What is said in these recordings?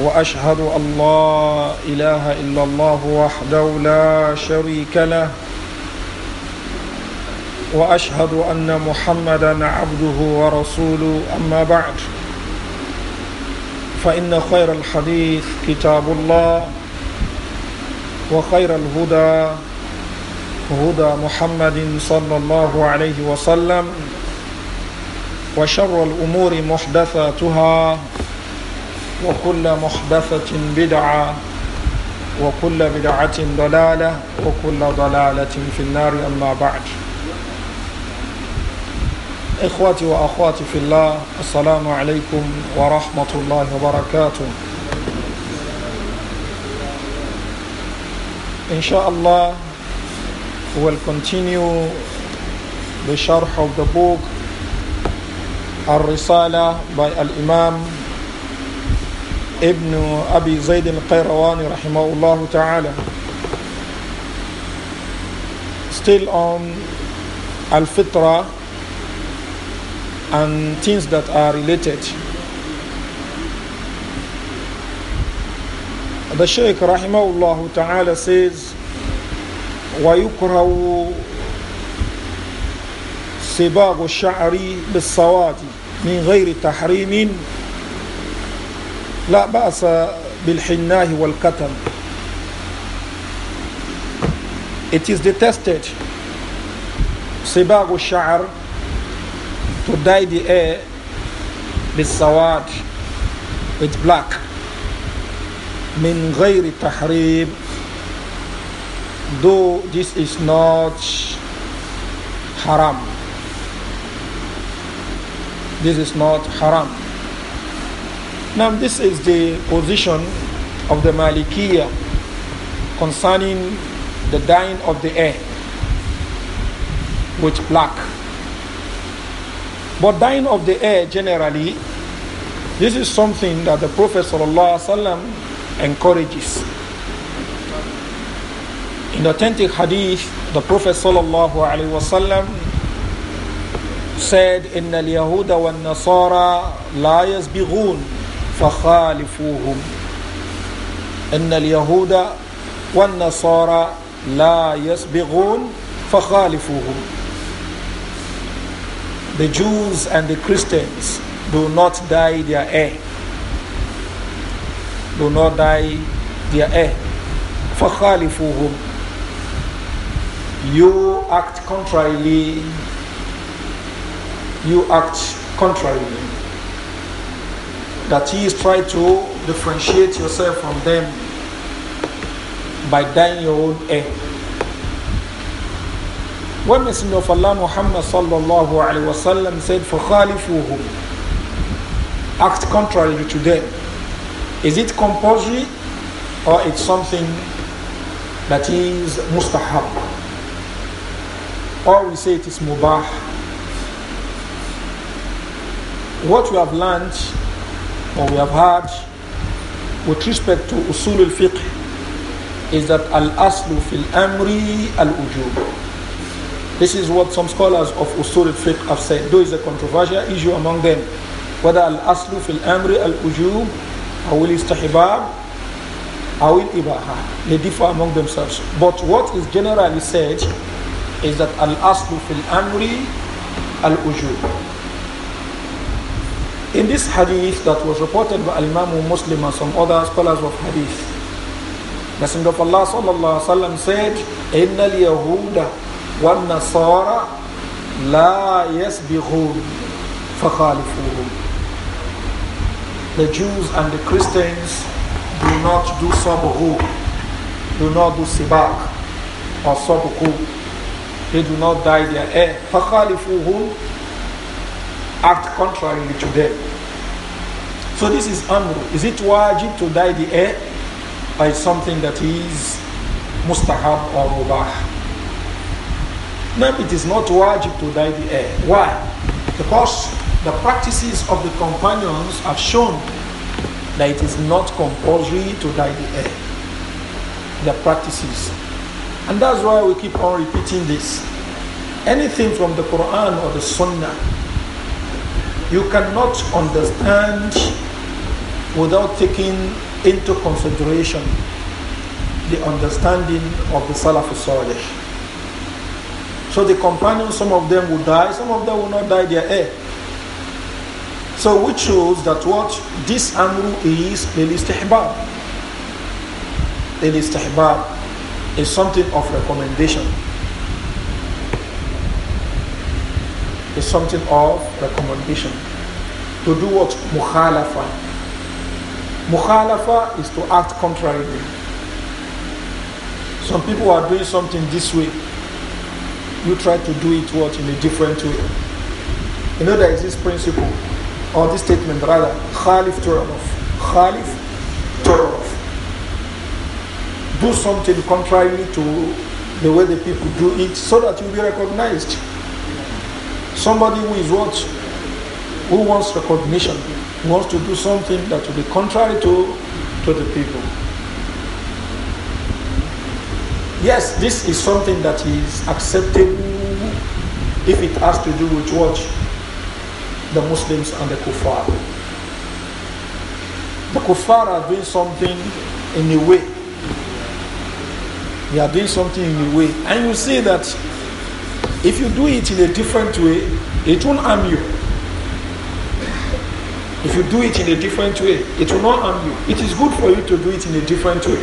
واشهد ان لا اله الا الله وحده لا شريك له واشهد ان محمدا عبده ورسوله اما بعد فان خير الحديث كتاب الله وخير الهدى هدى محمد صلى الله عليه وسلم وشر الامور محدثاتها وكل محدثة بدعة وكل بدعة ضلالة وكل ضلالة في النار أما بعد إخواتي وأخواتي في الله السلام عليكم ورحمة الله وبركاته إن شاء الله will continue the sharh of the book الرسالة by الإمام ابن أبي زيد القيروان رحمه الله تعالى still on الفطرة and things that are related the Shaykh الله تعالى says ويكره صباغ الشعر بالسواد من غير تحريم لا بأس بالحناء والكتم It is detested صباغ الشعر to dye the hair بالسواد with black من غير تحريم though this is not haram this is not haram Now, this is the position of the Malikiya concerning the dyeing of the air with black. But dyeing of the air generally, this is something that the Prophet ﷺ encourages. In the authentic hadith, the Prophet ﷺ said, إن اليهود والنصارى لا يسبغون فخالفوهم إن اليهود والنصارى لا يسبغون فخالفوهم The Jews and the Christians do not dye their hair. Do not dye their hair. فخالفوهم You act contrarily. You act contrarily. That is, try to differentiate yourself from them by dying your own end. When Messenger of Allah Muhammad sallallahu alaihi wasallam said, "Fakhalifuhum," act contrary to them. Is it compulsory or it's something that is mustahab? Or we say it is mubah. What we have learned or we have heard with respect to usul al-fiqh is that al-aslu fil amri al-ujub. This is what some scholars of usul al-fiqh have said, though it's a controversial issue among them, whether al-aslu fil amri al-ujub or al-istihbab or al-ibaha. They differ among themselves. But what is generally said is that al-aslu fil amri al-ujub. In this hadith that was reported by Imam Muslim and some other scholars of hadith, Messenger of Allah sallallahu alaihi wasallam said, "إن اليهود والنصارى la يسبقون فخالفوهم." The Jews and the Christians do not do sabhu, do not do sibak or sabuku. They do not dye their hair. فخالفوهم act contrary to them. So this is amru. Is it wajib to dye the hair? Or is something that is mustahab or mubah? No, it is not wajib to dye the hair. Why? Because the practices of the companions have shown that it is not compulsory to dye the hair. The practices. And that's why we keep on repeating this. Anything from the Quran or the Sunnah you cannot understand without taking into consideration the understanding of the Salaf Salih. So the companions, some of them will die, some of them will not die, their heir. So we choose that what this amru is lil-istihbab. Lil-istihbab is something of recommendation. is something of recommendation. To do what? Mukhalafa. Mukhalafa is to act contrarily. Some people are doing something this way. You try to do it what in a different way. You know there is this principle or this statement rather, Khalif Turov. Khalif Turov. Do something contrary to the way the people do it so that you'll be recognized. Somebody who is what? Who wants recognition, who wants to do something that will be contrary to, to the people. Yes, this is something that is acceptable if it has to do with what? The Muslims and the kuffar. The kuffar are doing something in a way. They are doing something in a way. And you see that if you do it in a different way, it won't harm you. If you do it in a different way, it will not harm you. It is good for you to do it in a different way.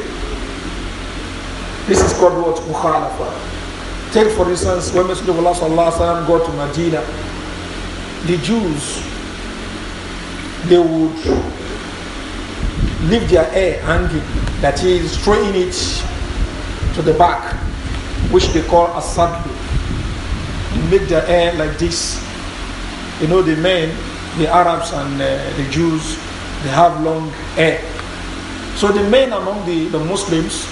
This is called what? Mukhalafa. Take for instance, when Messenger of Allah sallallahu alayhi got to Medina, the Jews, they would leave their hair hanging, that is, throwing it to the back, which they call a sadbi make the hair like this. You know, the men, the Arabs and uh, the Jews, they have long hair. So the men among the, the Muslims,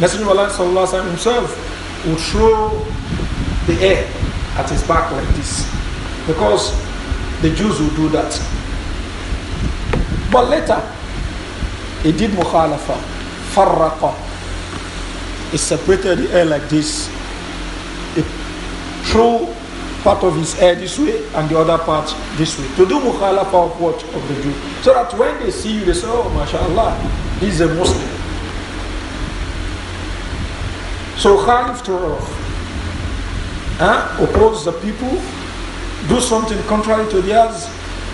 Messenger of Allah himself would throw the hair at his back like this. Because the Jews would do that. But later, he did mukhalafa, farraqa. He separated the hair like this throw part of his hair this way and the other part this way. To do mukhalafa for what? Of the Jew. So that when they see you, they say, oh, mashallah, he's a Muslim. So Khalif Turov huh, oppose the people, do something contrary to theirs,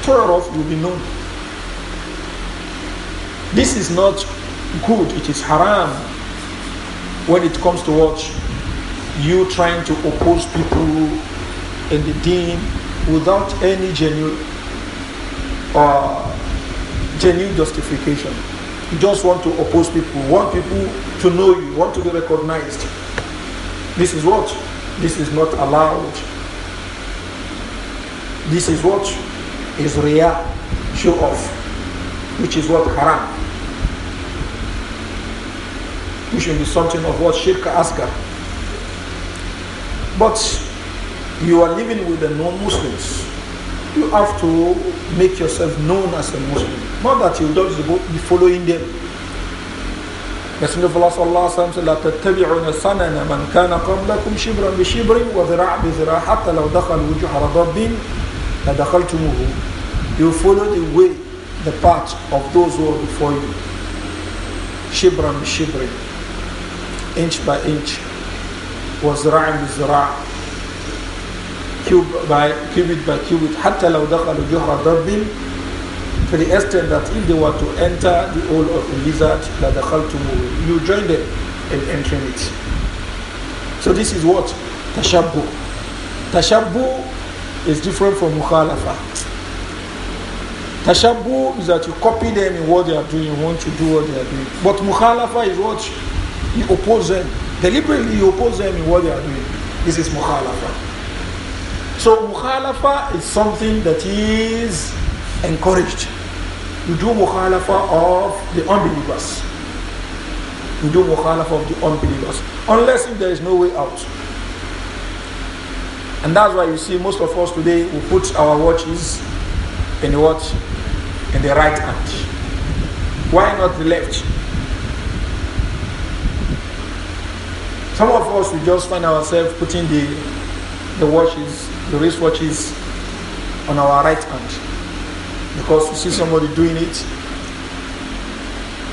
Turov will be known. This is not good, it is haram when it comes to watch you trying to oppose people in the deen without any genuine uh, genuine justification. You just want to oppose people, want people to know you, want to be recognized. This is what? This is not allowed. This is what is riyah, show off, which is what haram. Which will be something of what shirk asghar but you are living with the non-Muslims. You have to make yourself known as a Muslim. Not that you don't be following them. Messenger of Allah sallallahu alaihi wasallam said, "لا تتبعون سنن من كان قبلكم شبرا بشبر وذراع بذراع حتى لو دخلوا جحر ضب لدخلتموه." You follow the way, the path of those who are before you. شبرا بشبر, inch by inch. وذراع بذراع cube by cubit by cubit حتى لو دخلوا جهر ضب to the extent that if they were to enter the hole of a lizard that دخلتموه you join them in entering it so this is what tashabbu tashabbu is different from mukhalafa tashabbu is that you copy them in what they are doing you want to do what they are doing but mukhalafa is what you oppose them Deliberately you oppose them in what they are doing. This is mukhalafa. So mukhalafa is something that is encouraged. You do mukhalafa of the unbelievers. You do mukhalafa of the unbelievers. Unless if there is no way out. And that's why you see most of us today we put our watches in the watch in the right hand. Why not the left? Some of us we just find ourselves putting the the watches, the wristwatches on our right hand because we see somebody doing it.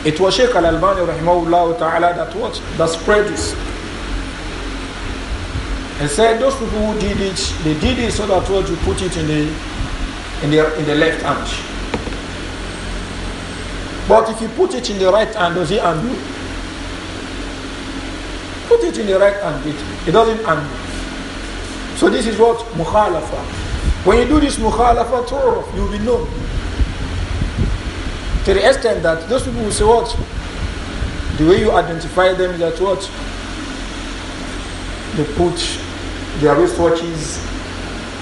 It was Sheikh Al Albani rahimahullah ta'ala that what that spread this. He said those people who did it, they did it so that what you put it in the in the in the left hand. But if you put it in the right hand, does it undo? it in the right hand, it, it doesn't hand. So this is what mukhalafa. When you do this mukhalafa torah, you'll be known. To the extent that those people will say what? The way you identify them is that what? They put their wristwatches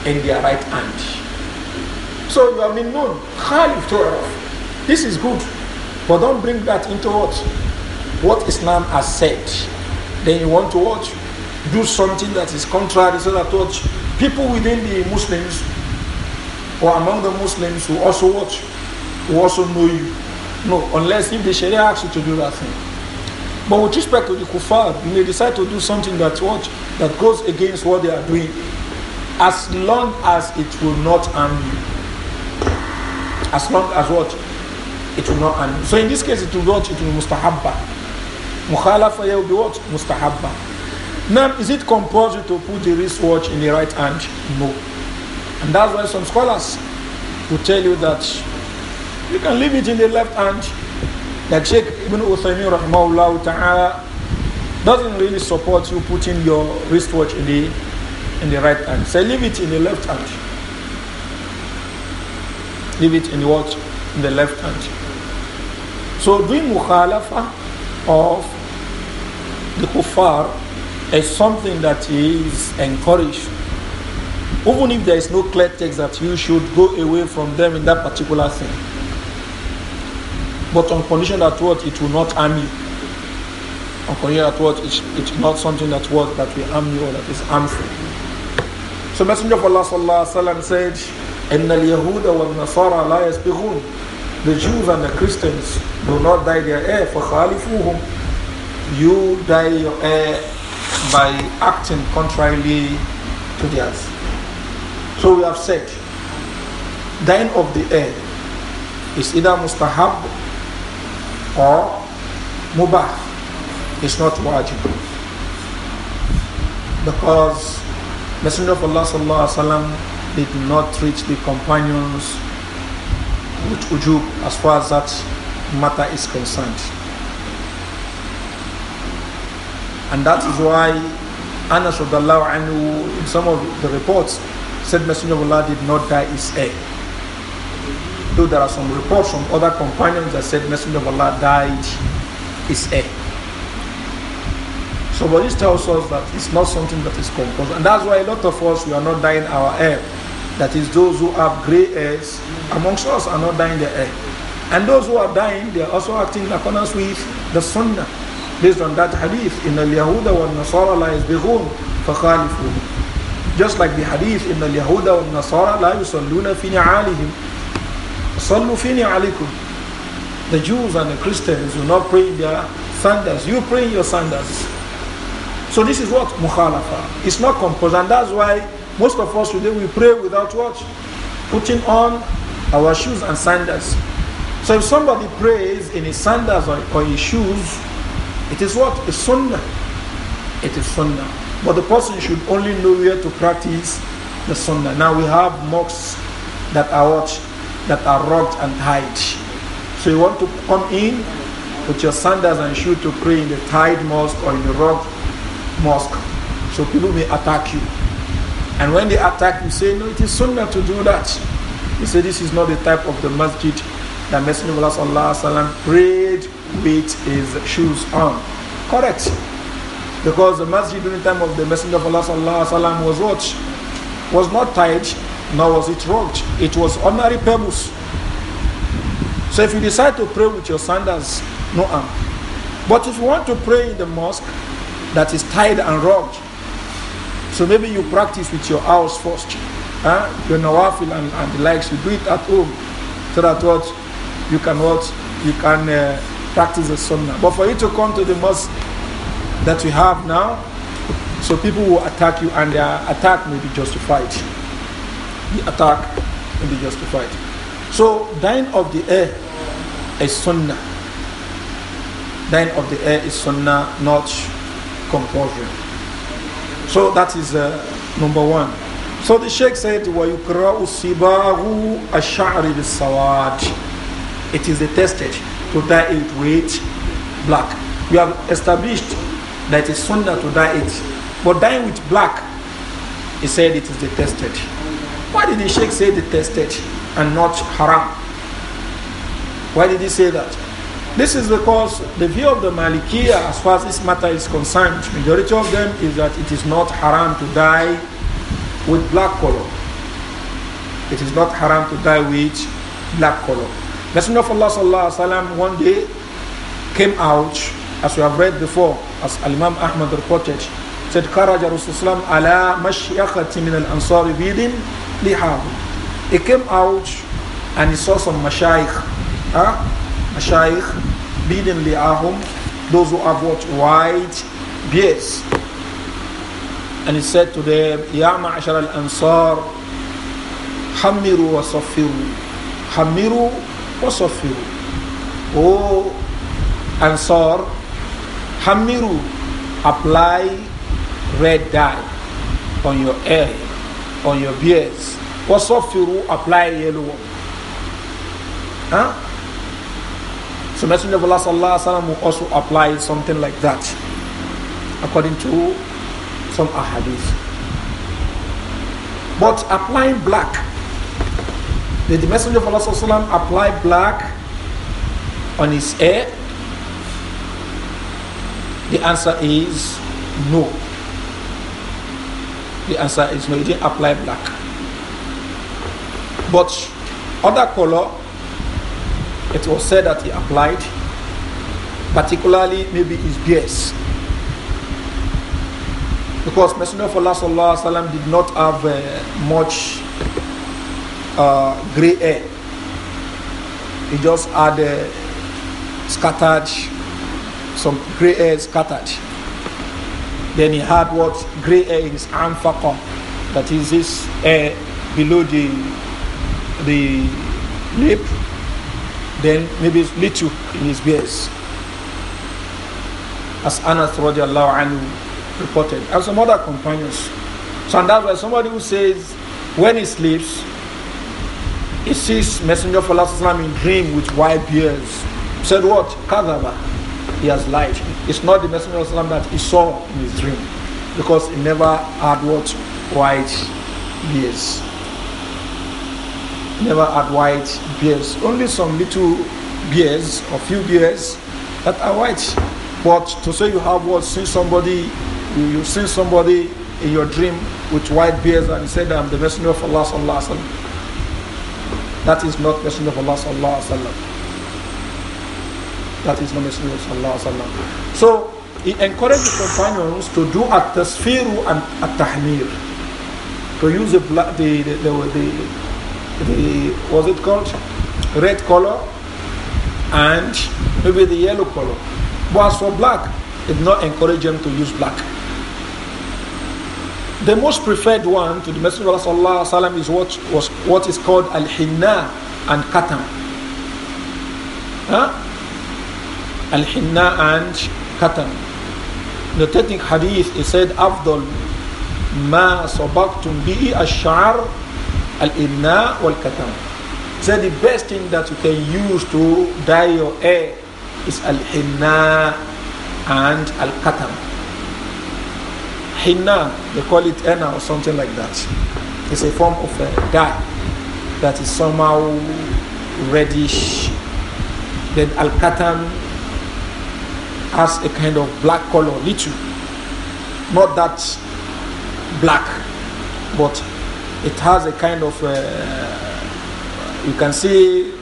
in their right hand. So you have been known. Khalif Torah. This is good. But don't bring that into what? What Islam has said then you want to watch do something that is contrary so that watch people within the Muslims or among the Muslims who also watch, who also know you. No, unless if the Sharia asks you to do that thing. But with respect to the kuffar, you may decide to do something that watch that goes against what they are doing, as long as it will not harm you. As long as what it will not harm you. So in this case, it will not it will mustahabba. Mukhalafa here will be what? Mustahabba. Now, is it compulsory to put the wristwatch in the right hand? No. And that's why some scholars will tell you that you can leave it in the left hand. Like Sheikh Ibn Uthaymeen rahimahullah ta'ala doesn't really support you putting your wristwatch in the in the right hand. So leave it in the left hand. Leave it in the watch in the left hand. So doing mukhalafa of the kuffar is something that is encouraged. Even if there is no clear text that you should go away from them in that particular thing. But on condition that what it will not harm you. On condition that what it's, it's not something that what that will harm you or that is harmful. So Messenger of Allah sallallahu alaihi wasallam said, "إن اليهود والنصارى لا يسبغون." The Jews and the Christians do not dye their hair for Khalifuhum you dye your hair by acting contrarily to theirs. So we have said, dying of the hair is either mustahab or mubah. It's not wajib. Because Messenger of Allah sallallahu alaihi wasallam did not treat the companions with ujub as far as that matter is concerned. And that is why Anas anhu, in some of the reports said Messenger of Allah did not die his hair. Though there are some reports from other companions that said Messenger of Allah died his hair. So what this tells us that it's not something that is composed. And that's why a lot of us we are not dying our hair. That is those who have grey hairs amongst us are not dying their hair. And those who are dying, they are also acting in accordance with the sunnah. Based on that hadith, in al-Yahuda wa nasara la yasbighun fakhalifu. Just like the hadith, in al-Yahuda wa nasara la yusalluna fi ni'alihim. Sallu fi ni'alikum. The Jews and the Christians will not pray in their sandals. You pray in your sandals. So this is what mukhalafa. It's not composed, and that's why most of us today we pray without what putting on our shoes and sandals. So if somebody prays in his sandals or, or his shoes, it is what? A sunnah. It is sunnah. But the person should only know where to practice the sunnah. Now we have mosques that are what? That are rocked and tied. So you want to come in with your sandals and shoes to pray in the tied mosque or in the rocked mosque. So people may attack you. And when they attack, you say, no, it is sunnah to do that. You say, this is not the type of the masjid that Messenger of Allah prayed beat his shoes on. Correct. Because the masjid during the time of the Messenger of Allah sallallahu alaihi wasallam was what? Was not tied, nor was it rocked. It was ordinary pebbles. So if you decide to pray with your sandals, no harm. But if you want to pray in the mosque that is tied and rocked, so maybe you practice with your house first. Huh? Your nawafil and, and the likes, you do it at home so that what you can what you can uh, practice the sunnah. But for you to come to the mosque that we have now, so people will attack you and their attack may be justified. The attack may be justified. So dying of the air is sunnah. Dying of the air is sunnah, not compulsion. So that is uh, number one. So the Sheikh said, وَيُكْرَأُ السِّبَاغُ الشَّعْرِ بِالسَّوَادِ It is detested to dye it with black. You have established that it's sunnah to dye it. But dyeing with black, he said it is detested. Why did the Sheikh say detested and not haram? Why did he say that? This is because the view of the Malikiya as far as this matter is concerned, majority of them is that it is not haram to dye with black color. It is not haram to dye with black color. Messenger of Allah sallallahu alaihi wasallam one day came out, as we have read before, as Imam Ahmad reported, said, "Karaja Rasulullah ala mashyakati min al Ansari bidin lihab." He came out and he saw some mashayikh, huh? bidin li'ahum, those who have what white beards. And he said to them, "Ya ma'ashar al Ansar, hamiru wa safiru, hamiru." what's of you, Oh, Ansar, Hamiru, apply red dye on your hair, on your beards. Wasafiru, apply yellow one. Huh? So Messenger of Allah sallallahu will also apply something like that, according to some ahadith. But applying black did the Messenger of Allah apply black on his hair? The answer is no. The answer is no, he didn't apply black. But other color, it was said that he applied, particularly maybe his beard, Because Messenger of Allah did not have uh, much uh, gray hair. He just had uh, scattered, some gray hair scattered. Then he had what gray hair in his that is his hair below the, the lip. Then maybe it's little in his beard. As Anas radiallahu anhu reported, and some other companions. So and that's why somebody who says when he sleeps, he sees Messenger of Allah in dream with white beards. Said what? Kadaba. He has lied. It's not the Messenger of Allah that he saw in his dream. Because he never had what? White beards. never had white beards. Only some little beards, a few beards that are white. But to say you have what? Seen somebody, you, you've seen somebody in your dream with white beards and said, I'm the Messenger of Allah. That is not Messenger of Allah sallallahu alaihi wasallam. That is not Messenger of Allah sallallahu alaihi wasallam. So he encouraged the companions to do at tasfiru and at tahmir, to use the, the, the, the, the was it called red color and maybe the yellow color. But as for black, it not encourage them to use black. The most preferred one to the Messenger of Allah is what, was, what is called Al Hinna and Katam. Huh? Al Hinna and Katam. The technique hadith is said, Abdul Ma sabaqtum bi'i ash-sha'r al-inna wal-katam. So the best thing that you can use to dye your hair is al-hinna and al-katam. Hina, they call it henna or something like that. It's a form of a dye that is somehow reddish. Then al has a kind of black color, little. Not that black, but it has a kind of, uh, you can see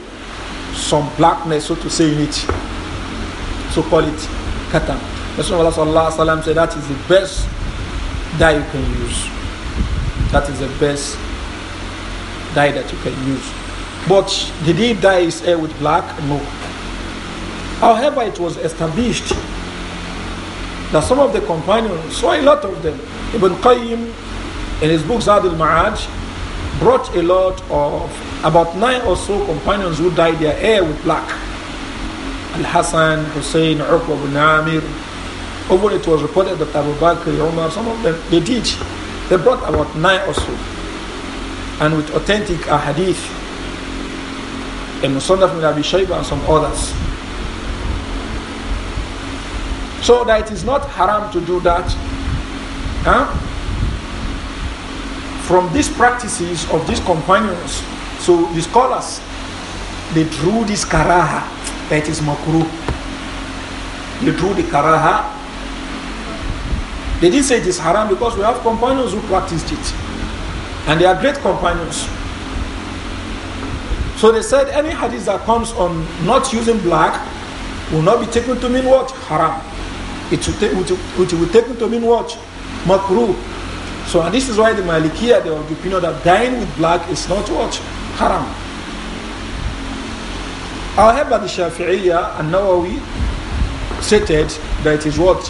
some blackness, so to say, in it. So call it Katan. Rasulullah said that is the best dye you can use. That is the best dye that you can use. But did he dye his hair with black? No. However, it was established that some of the companions, saw a lot of them, Ibn Qayyim in his book Zad al-Ma'aj brought a lot of, about nine or so companions who dyed their hair with black. Al-Hassan, Hussein, Uqba ibn Amir, over it was reported that Abu Bakr, Umar, some of them, they did. They brought about nine or so. And with authentic hadith, and Musannaf bin Abi Shayba and some others. So that it is not haram to do that. Huh? From these practices of these companions, so the scholars, they drew this karaha that is makruh. They drew the karaha they didn't say it is haram because we have companions who practiced it. And they are great companions. So they said any hadith that comes on not using black will not be taken to mean what? Haram. It will, take, it will taken to mean what? Makruh. So and this is why the Malikiya, the opinion that dying with black is not what? Haram. However, the Shafi'iyya and Nawawi stated that it is what?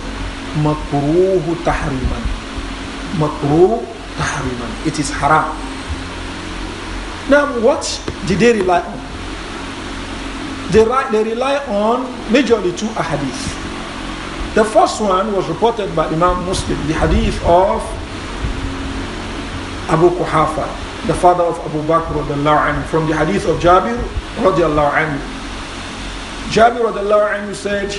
makruhu tahriman. Makruh tahriman. It is haram. Now, what did they rely on? They, they rely on majorly two ahadith. The first one was reported by Imam Muslim, the hadith of Abu Kuhafa, the father of Abu Bakr anhu, from the hadith of Jabir radiallahu anhu. Jabir radiallahu anhu said,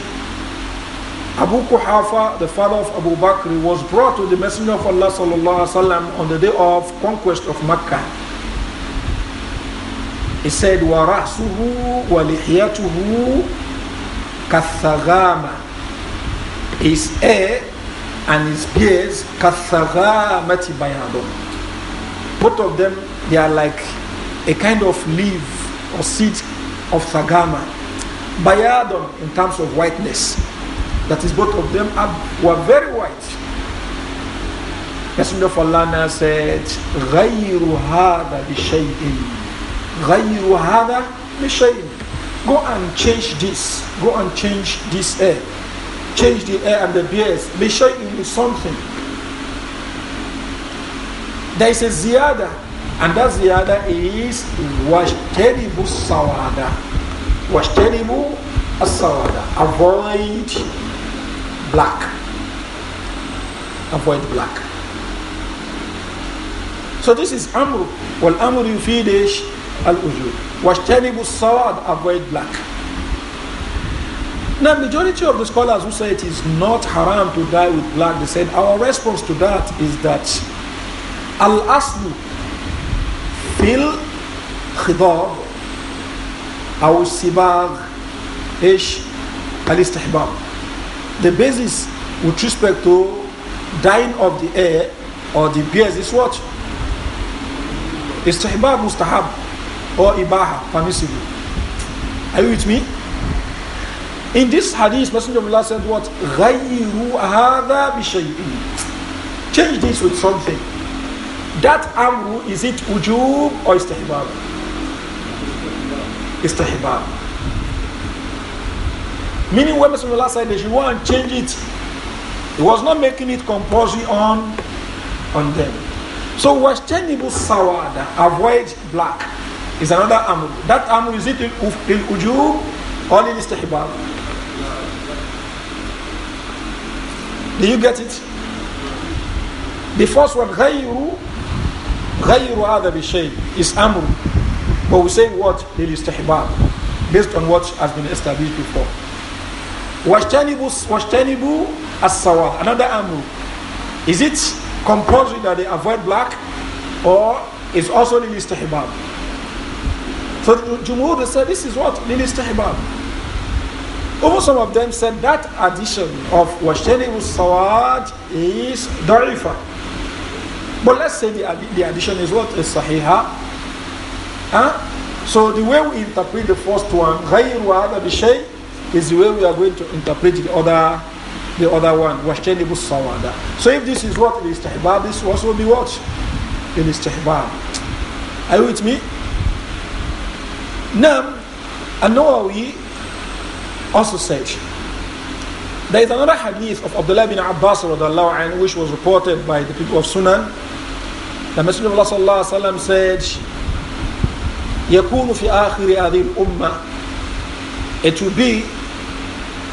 Abu Kuhafa, the father of Abu Bakr, was brought to the Messenger of Allah wasallam on the day of conquest of Mecca. He said, وَرَأْسُهُ وَلِحْيَتُهُ كَالثَّغَامَ His hair and his beard, كَالثَّغَامَةِ بَيَادٌ Both of them, they are like a kind of leaf or seed of thagama. Bayadon in terms of whiteness. That is, both of them have, were very white. Messenger of Allah said, غَيْرُ هَذَا بِشَيْءٍ غَيْرُ هَذَا Go and change this. Go and change this air, Change the air and the beards. بِشَيْءٍ is something. There is a ziyada, and that ziyada is wash sawada, wash وَاشْتَرِبُ sawada, Avoid black. Avoid black. So this is amru. Well, amru yufidish al-ujur. Washtanibu sawad, avoid black. Now, majority of the scholars who say it is not haram to dye with black, they said our response to that is that al-aslu fil khidab أو ish al الاستحباب the basis with respect to dying of the air or the beard is what? Istihbab mustahab or ibaha, permissible. Are you with me? In this hadith, Messenger of Allah said what? غَيِّرُوا هَذَا بِشَيْءٍ Change this with something. That amru, is it ujub or istihbab? Istihbab. Meaning when Messenger said they should want to change it, it was not making it compulsory on, on them. So wastanibu sawada, avoid black, is another amu. That amu is it in ujub or in istihbab? Do you get it? The first one, غيروا غيروا Adabishay, is amu, But we say what? Lil Based on what has been established before. Washtanibu, washtanibu as sawad. Another amru. Is it compulsory that they avoid black or is also lil istihbab? So Jumhur said this is what? Lil istihbab. Over some of them said that addition of washtanibu sawad is da'ifa. But let's say the, the addition is what is sahiha. Huh? So the way we interpret the first one, غير هذا بشيء is the way we are going to interpret the other the other one, wajtanibu sawada. So if this is what is istihbab, this will also be what? It is istihbab. Are you with me? Now, An-Nawawi also said, there is another hadith of Abdullah bin Abbas anhu, which was reported by the people of Sunan. The Messenger of Allah وسلم, said, يكون في آخر هذه الأمة It will be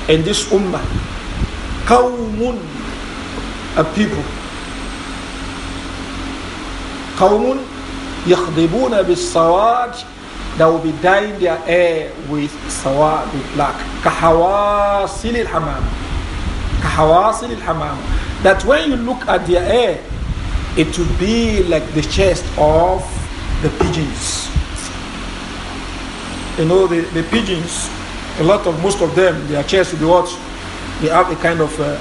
and this ummah kaumun a people qawmun yakhdibuna bisawad that will be dyeing their hair with sawad with black kahawasil al-hamam kahawasil al-hamam that when you look at their hair it will be like the chest of the pigeons you know the, the pigeons a lot of, most of them, their chairs will be what? They have a kind of uh,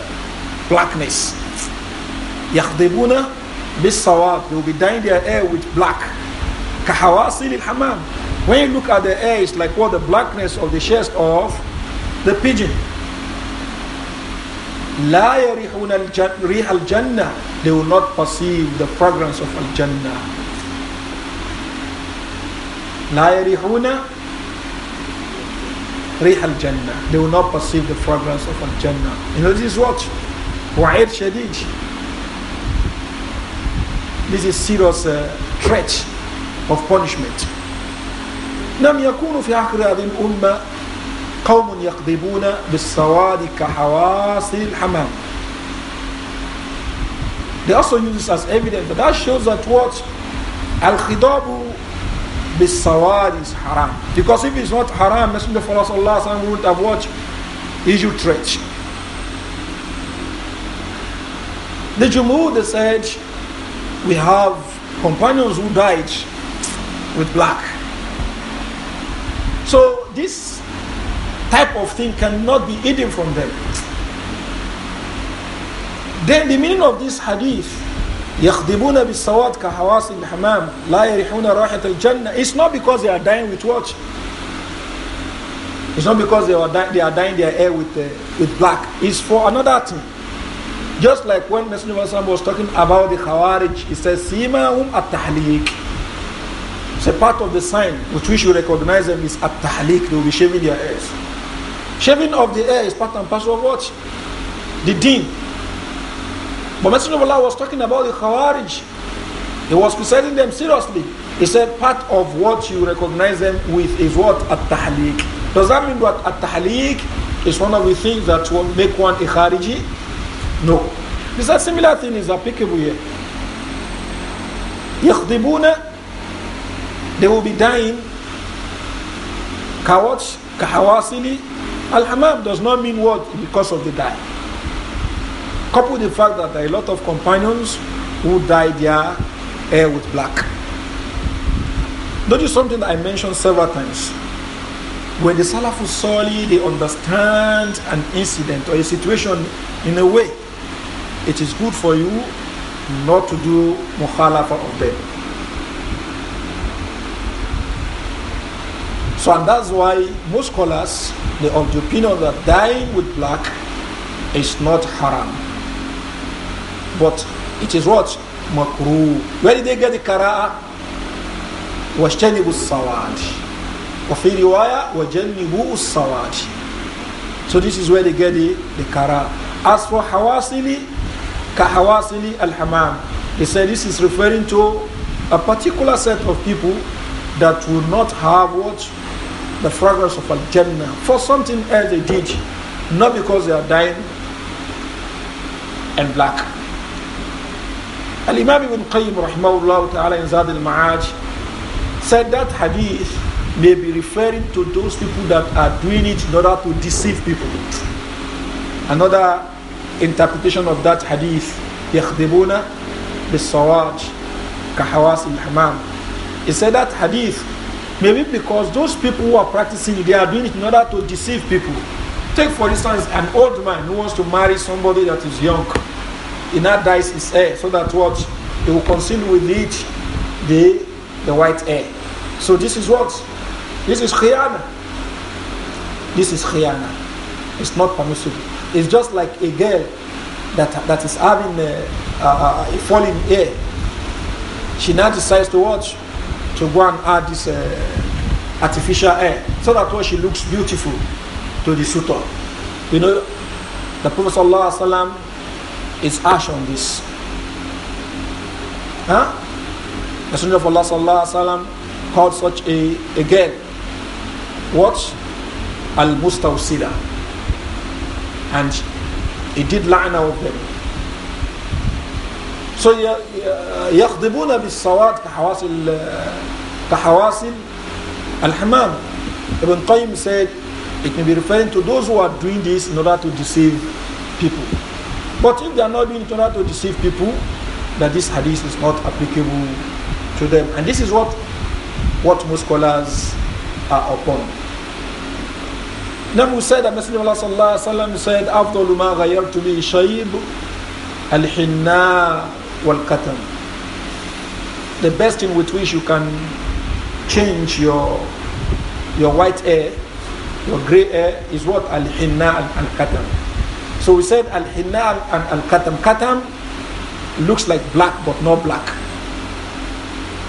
blackness. يَخْضِبُونَ بِالسَّوَابِ They will be dyeing their hair with black. كَحَوَاصِلِ When you look at the air, it's like what the blackness of the chest of the pigeon. لا يريحون ريح aljannah, they will not perceive the fragrance of aljannah. لا يريحون ريح الجنة they will not perceive the fragrance of الجنة you know this is what وعيد شديد this is serious uh, threat of punishment لم يكون في عقل هذه الأمة قوم يقضبون بالسواد كحواصل الحمام They also use this as evidence, but that shows that what Al-Khidabu bisawad is haram. Because if it's not haram, Messenger of Allah would have watched issue Did The Jumu'ud, the said, we have companions who died with black. So this type of thing cannot be hidden from them. Then the meaning of this hadith يخضبون كحواس الحمام لا يريحون راحة الجنة It's not because they are dying with watch. It's not because they are, dying, they are their hair with, uh, with black. It's for another thing. Just like when Messenger of Allah was talking about the Khawarij, he says, um at-tahliq. It's a part of the sign which we should recognize them is at-tahliq. They will be shaving their hairs. Shaving of the hair is part and parcel of watch. The deen. But Messenger of Allah was talking about the Khawarij. He was criticizing them seriously. He said, part of what you recognize them with is what? At-Tahliq. Does that mean what At-Tahliq is one of the things that will make one a Khariji? No. This a similar thing is applicable here. يخضبون they will be dying كواتش كحواصلي Al-Hamam does not mean what because of the dying. Coupled with the fact that there are a lot of companions who dye their hair with black. That is something that I mentioned several times. When the Salafus Sali, they understand an incident or a situation in a way, it is good for you not to do mukhalafa of them. So, and that's why most scholars, they are the opinion that dying with black is not haram. But it is what? Makruh. Where did they get the kara'a? واجتنبوا الصواد وفي رواية وجنبوا So this is where they get the, the kara. As for hawasili, kahawasili al-hamam, he said this is referring to a particular set of people that will not have what? The fragrance of al-jannah for something else they did, not because they are dying and black. Al-Imam Ibn Qayyim rahimahullah ta'ala in Zad al-Ma'aj said that hadith may be referring to those people that are doing it in order to deceive people. Another interpretation of that hadith, يَخْدِبُونَ بِالصَّوَاجِ كَحَوَاسِ الْحَمَامِ He said that hadith, maybe because those people who are practicing they are doing it in order to deceive people. Take for instance an old man who wants to marry somebody that is young he now dyes his hair so that what he will conceal with it the the white hair. So this is what? This is khiyana. This is khiyana. It's not permissible. It's just like a girl that that is having a, a, a falling hair. She now decides to watch to go and add this uh, artificial hair so that what she looks beautiful to the suitor. You know, the Prophet is ash on this. Huh? The Messenger of Allah sallallahu alaihi wasallam called such a, a girl what al mustawsila and he did la'na of them. So يخضبون بالسواد كحواصل Al الحمام Ibn Qayyim said it may be referring to those who are doing this in order to deceive people. But if they are not doing it in order to deceive people, that this hadith is not applicable to them. And this is what what most scholars are upon. Then we said that Messenger of Allah (sallallahu sallam, said, "After أفضل ما غيرت al al-hinna والكتم. The best thing with which you can change your your white hair, your grey hair, is what al-hinna al-katam. So we said al hina and al katam. Katam looks like black but not black.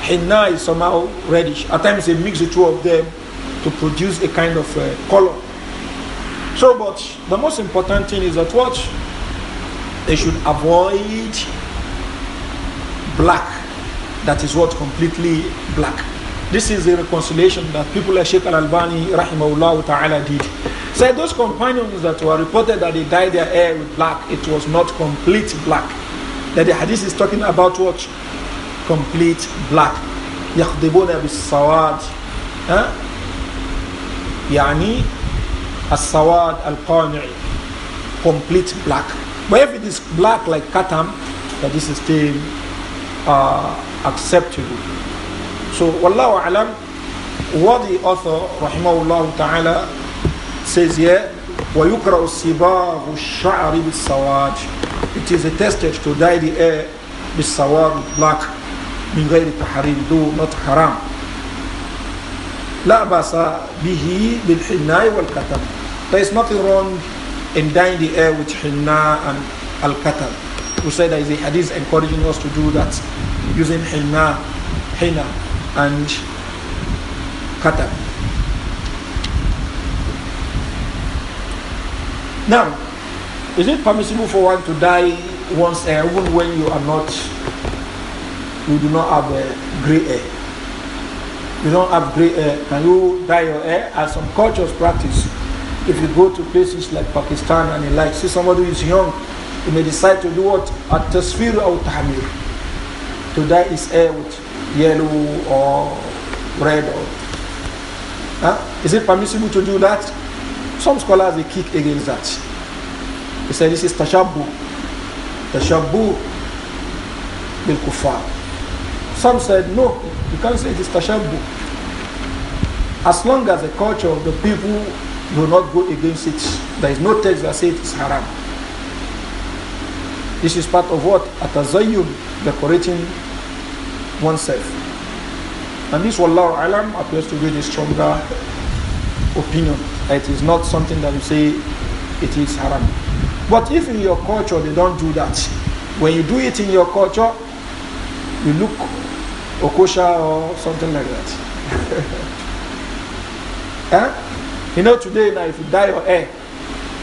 Hina is somehow reddish. At times they mix the two of them to produce a kind of uh, color. So, but the most important thing is that what they should avoid black. That is what completely black. This is the reconciliation that people like Sheikh Al Albani, rahimahullah ta'ala, did Said those companions that were reported that they dyed their hair with black, it was not complete black. That the hadith is talking about what? Complete black. يخضبون بالسواد ها يعني السواد القانع complete black but if it is black like katam that this is still uh, acceptable so wallahu alam what the author rahimahullah ta'ala says here, وَيُكْرَأُ الصِّبَاغُ الشَّعْرِ It is attested to dye the hair بالسواد black من غير تحريم do not haram لا بأس بالحناء والكتب There is nothing wrong in dyeing the hair with hinna and al-katab. We a hadith encouraging us to do that using hinna, hinna and katab. Now, is it permissible for one to die once uh, even when you are not, you do not have uh, gray hair? You don't have gray hair. Can you dye your hair? As some cultures practice, if you go to places like Pakistan and you like, see somebody who is young, he may decide to do what? At tasfir or tamir To dye his hair with yellow or red. Or, huh? Is it permissible to do that? Some scholars they kick against that. They say this is tashabu, tashabu bil kufar." Some said no, you can't say it is tashabu. As long as the culture of the people do not go against it, there is no text that says it is haram. This is part of what? Atazayyum, decorating oneself. And this, wallahu alam, appears to be the stronger opinion. It is not something that you say it is haram. But if in your culture they don't do that, when you do it in your culture, you look okosha or something like that. eh? You know today now if you dye your hair,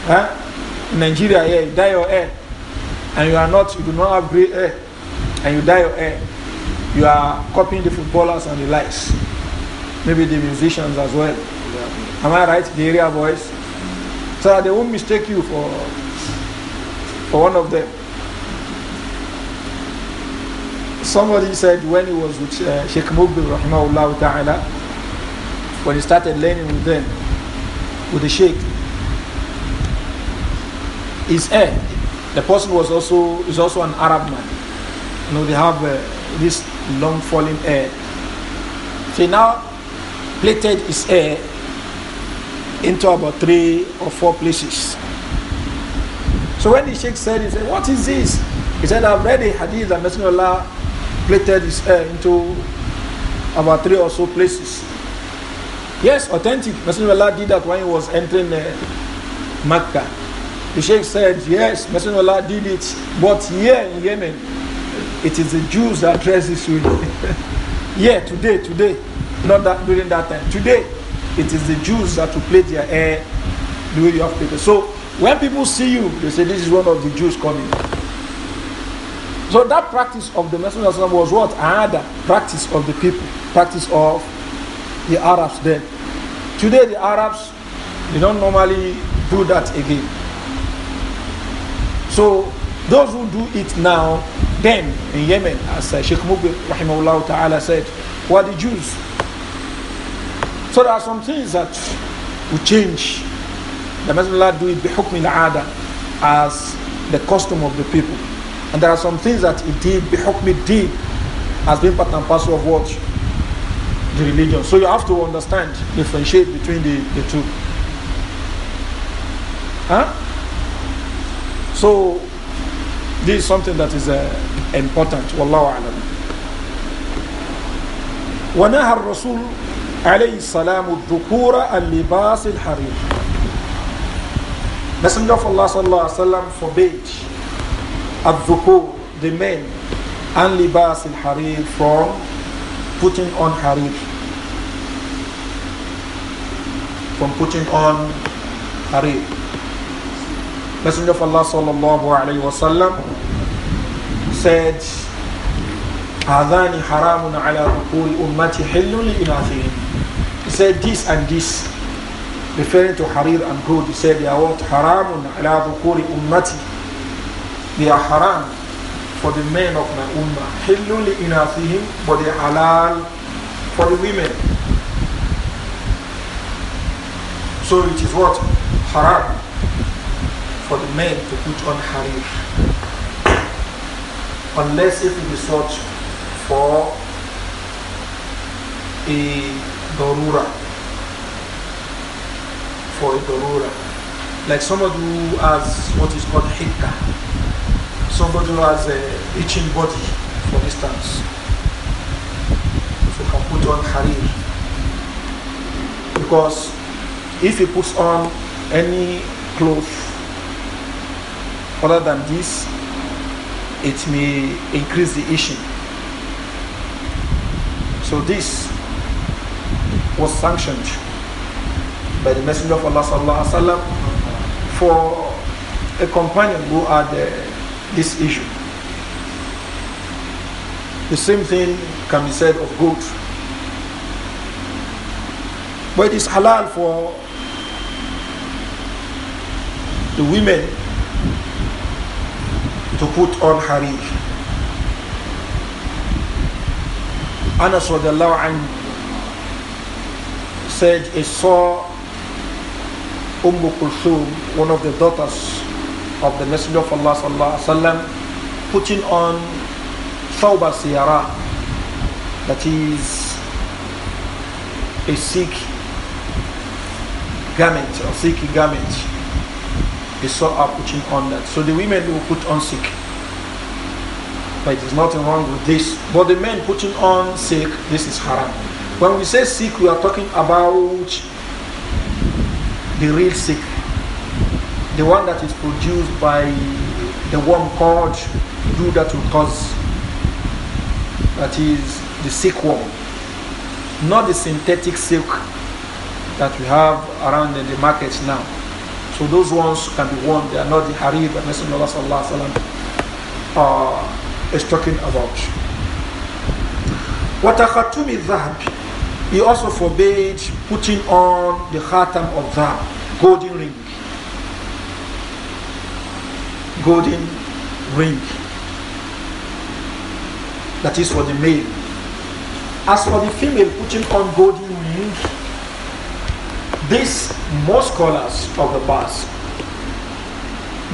eh? in Nigeria here you dye your hair and you are not you do not have great hair and you dye your hair, you are copying the footballers and the likes, maybe the musicians as well. Yeah. Am I right? The area boys. So that they won't mistake you for, for one of them. Somebody said when he was with uh, Sheikh Mubbil Rahimahullah Ta'ala, when he started learning with them, with the Sheikh, his heir, the person was also, is also an Arab man. You know, they have uh, this long falling hair. So now plaited his hair into about three or four places. So when the Sheikh said, he said, What is this? He said, I've read a hadith that Messenger of Allah plaited his hair into about three or so places. Yes, authentic. Messenger of Allah did that when he was entering uh, Mecca. The Sheikh said, Yes, Messenger of Allah did it. But here in Yemen, it is the Jews that dress this way. yeah, today, today. Not that during that time. Today, it is the Jews that will plait their hair the way you have plaited. So when people see you, they say, This is one of the Jews coming. So that practice of the Messenger was what? Another practice of the people, practice of the Arabs then. Today, the Arabs, they don't normally do that again. So those who do it now, then in Yemen, as Sheikh Mubarak rahimahullah ta'ala said, were the Jews so there are some things that will change. The Messenger do it bihukm al-ada as the custom of the people. And there are some things that he did, bihukm did, as being part and parcel of what? The religion. So you have to understand, differentiate between the, the two. Huh? So this is something that is uh, important. Wallahu alam. ونهى الرسول alayhi salam dhukura al-libas al-harir. Messenger of Allah sallallahu alaihi wasallam forbade al-dhukur, the men, and libas al-harir from putting on harir. From putting on harir. Messenger of Allah sallallahu alaihi wasallam said, هذان حرام على ذكور أمتي حل لإناثهم said this and this, referring to harir and gold. He said they are what? and ala dhukuri ummati. They are haram for the men of my ummah. Hillu li inathihim, but they are halal for the women. So it is what? Haram for the men to put on harir. Unless if it is what for a Dorura for a darura like somebody who has what is called hikka somebody who has a itching body for instance if you can put on harir because if he puts on any clothes other than this it may increase the itching so this was sanctioned by the Messenger of Allah sallallahu alaihi wasallam for a companion who had uh, this issue. The same thing can be said of gold. But it is halal for the women to put on harir. Anas radiallahu anhu said he saw Umm Kulthum, one of the daughters of the Messenger of Allah sallallahu alaihi wasallam, putting on thawba siyara, that is a silk garment, a silky garment. He saw her putting on that. So the women will put on silk. But there's nothing wrong with this. But the men putting on silk, this is haram. When we say sick, we are talking about the real sick, the one that is produced by the worm called do that will cause, that is the sick worm, not the synthetic silk that we have around in the market now. So those ones can be worn, they are not the harib that Messenger of Allah uh, is talking about. What وتختم الذهب he also forbade putting on the khatam of the golden ring. Golden ring. That is for the male. As for the female putting on golden ring, this most scholars of the past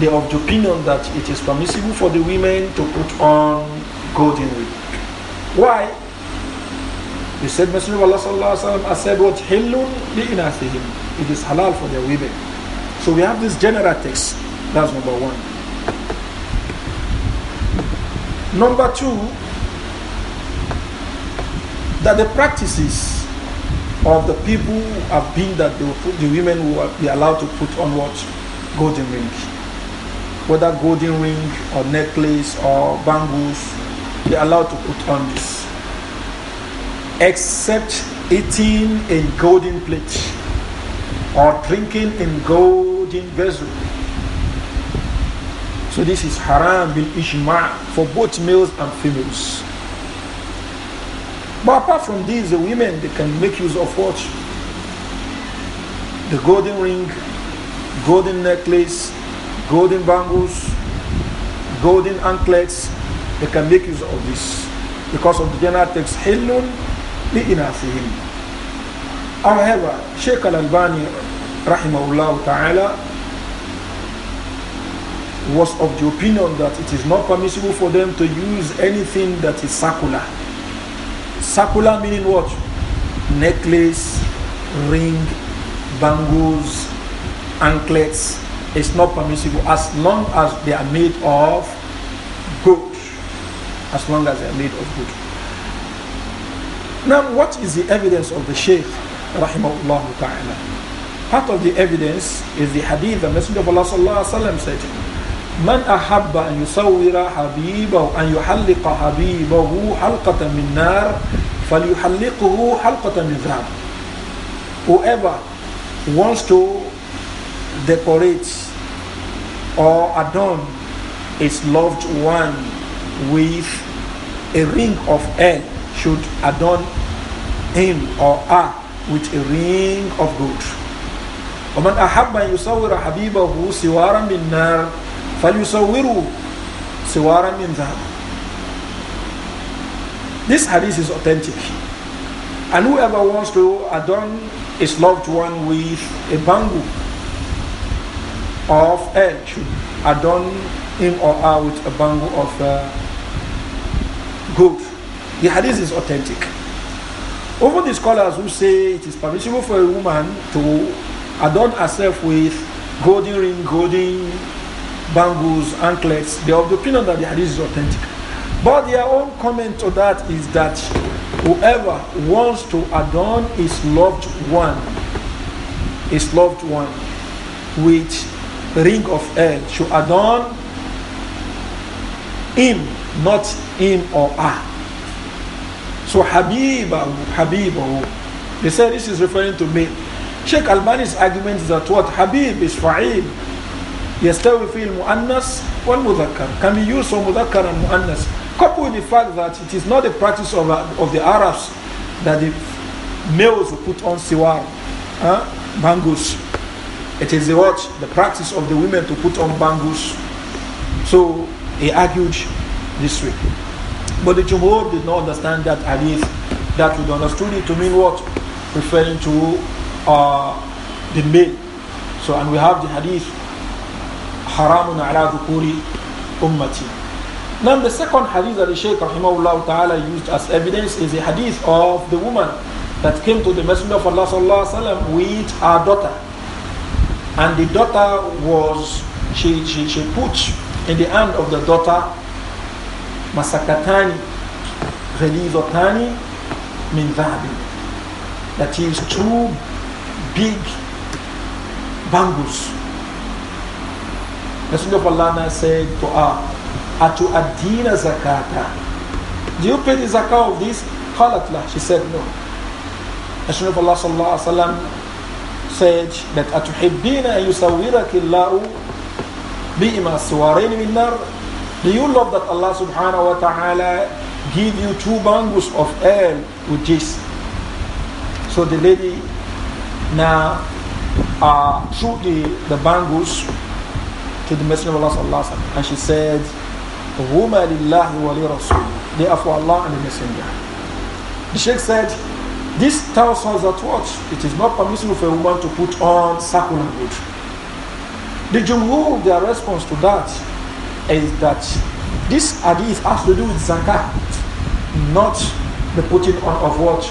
they are of the opinion that it is permissible for the women to put on golden ring. Why? He said, Messenger of Allah sallallahu alayhi wa sallam, hillun li'inathihim. It is halal for their women. So we have this general text. That's number one. Number two, that the practices of the people have been that they will put the women will be allowed to put on what golden ring, whether golden ring or necklace or bangles, they're allowed to put on this except eating in golden plate or drinking in golden vessel. So this is haram bil ishma for both males and females. But apart from this, the women they can make use of what? The golden ring, golden necklace, golden bangles, golden anklets. They can make use of this because of the general text. لإناثهم However, Sheikh Al-Albani rahimahullah ta'ala was of the opinion that it is not permissible for them to use anything that is circular. Circular meaning what? Necklace, ring, bangles, anklets. It's not permissible as long as they are made of gold. As long as they are made of gold. Now, what is the evidence of the Shaykh, rahimahullah ta'ala? Part of the evidence is the hadith the Messenger of Allah sallallahu alaihi wasallam said, من أحب أن يصور حبيبه أن يحلق حبيبه حلقة من نار فليحلقه حلقة من ذهب Whoever wants to decorate or adorn his loved one with a ring of air should adorn him or her with a ring of gold. ومن أحب أن يصور حبيبه سوارا من نار فليصوره سوارا من ذهب. This hadith is authentic. And whoever wants to adorn his loved one with a bangle of gold, should adorn him or her with a bangle of uh, gold. The hadith is authentic. Even the scholars who say it is permissible for a woman to adorn herself with golden ring, golden bangles, anklets, they are of the opinion that the hadith is authentic. But their own comment to that is that whoever wants to adorn his loved one, his loved one, with ring of earth, should adorn him, not him or her. So Habib, Habib, They say this is referring to me. Sheikh Albani's argument is that what Habib is fa'il. feel muannas or والمذكر can be used for مذكر and muannas, coupled with the fact that it is not the practice of, of the Arabs that the males put on siwar huh? it is the what the practice of the women to put on bangus. so he argued this way but the Jumhur did not understand that hadith that would understood it to mean what? Referring to uh, the male. So, and we have the hadith haramun ala dhukuri ummati. Now, the second hadith that the Shaykh rahimahullah ta'ala used as evidence is the hadith of the woman that came to the Messenger of Allah sallallahu alaihi wasallam with her daughter. And the daughter was, she, she, she put in the hand of the daughter masakatani ghalidhatani min that is two big bangles Messenger of Allah said to her atu adina zakata do you pay the zakah of this qalat she said no Messenger of Allah sallallahu alaihi wasallam said that atuhibbina an yusawwiraki Allah bi'ma min nar do you love that Allah subhanahu wa ta'ala give you two bangles of air with this? So the lady now uh, threw the, the bangles to the Messenger of Allah sallallahu and she said, Huma lillahi wa li rasul. They are for Allah and the Messenger. The Sheikh said, this tells us that what? It is not permissible for a woman to put on sacral Did The Jumhur, their response to that is that this hadith has to do with zakat, not the putting on of what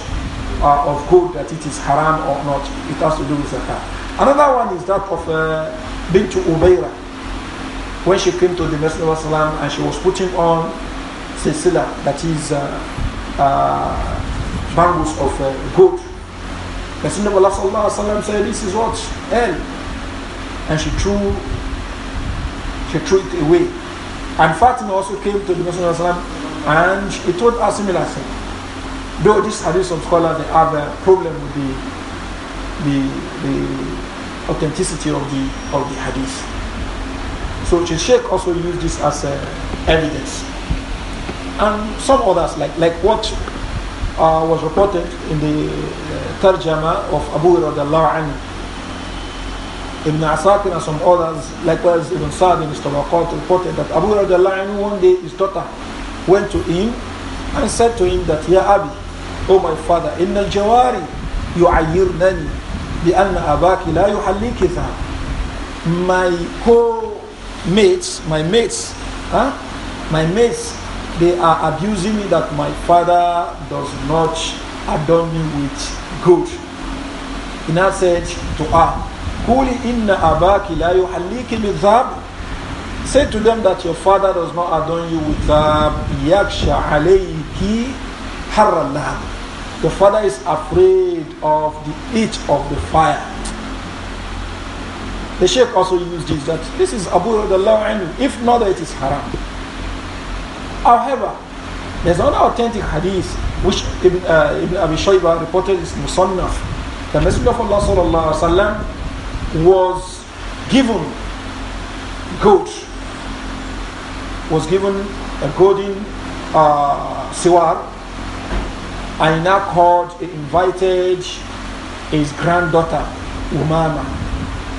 uh, of gold that it is haram or not. It has to do with zakat. Another one is that of uh, bint Ubayra. When she came to the Messenger of Allah and she was putting on silsila, that is uh, uh, bangles of uh, gold. Messenger of Allah said, this is what? Hell. And she threw, she threw it away. And Fatima also came to the Messenger of and he told her similar thing. Though this hadith some scholars they have a problem with the, the, the authenticity of the, of the hadith. So Sheikh also used this as uh, evidence. And some others, like, like what uh, was reported in the uh, Tarjama of Abu Radallahu anhu, Ibn Asakir and some others, likewise Ibn Sa'd in his reported that Abu Radallahu one day his daughter went to him and said to him that, Ya Abi, O oh my father, in al-Jawari nani bi-anna abaki la لا يحليكها My co-mates, my mates, huh? my mates, they are abusing me that my father does not adorn me with gold. He now said to her, Kuli inna abaki la yuhalliki bidhab. Say to them that your father does not adorn you with dhab. Yaksha alayki haranah. The father is afraid of the heat of the fire. The Sheikh also used this that this is Abu Radallahu If not, it is haram. However, there's another authentic hadith which Ibn, uh, Ibn Abi Shaybah reported is Musannaf. The Messenger of Allah sallallahu alaihi wasallam was given goat, was given a golden uh, siwar, and now called, invited his granddaughter, Umama.